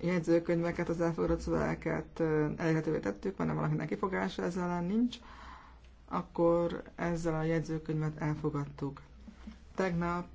jegyzőkönyveket, az elfogadott szövegeket elérhetővé tettük, mert nem valakinek kifogása ezzel ellen nincs, akkor ezzel a jegyzőkönyvet elfogadtuk. Tegnap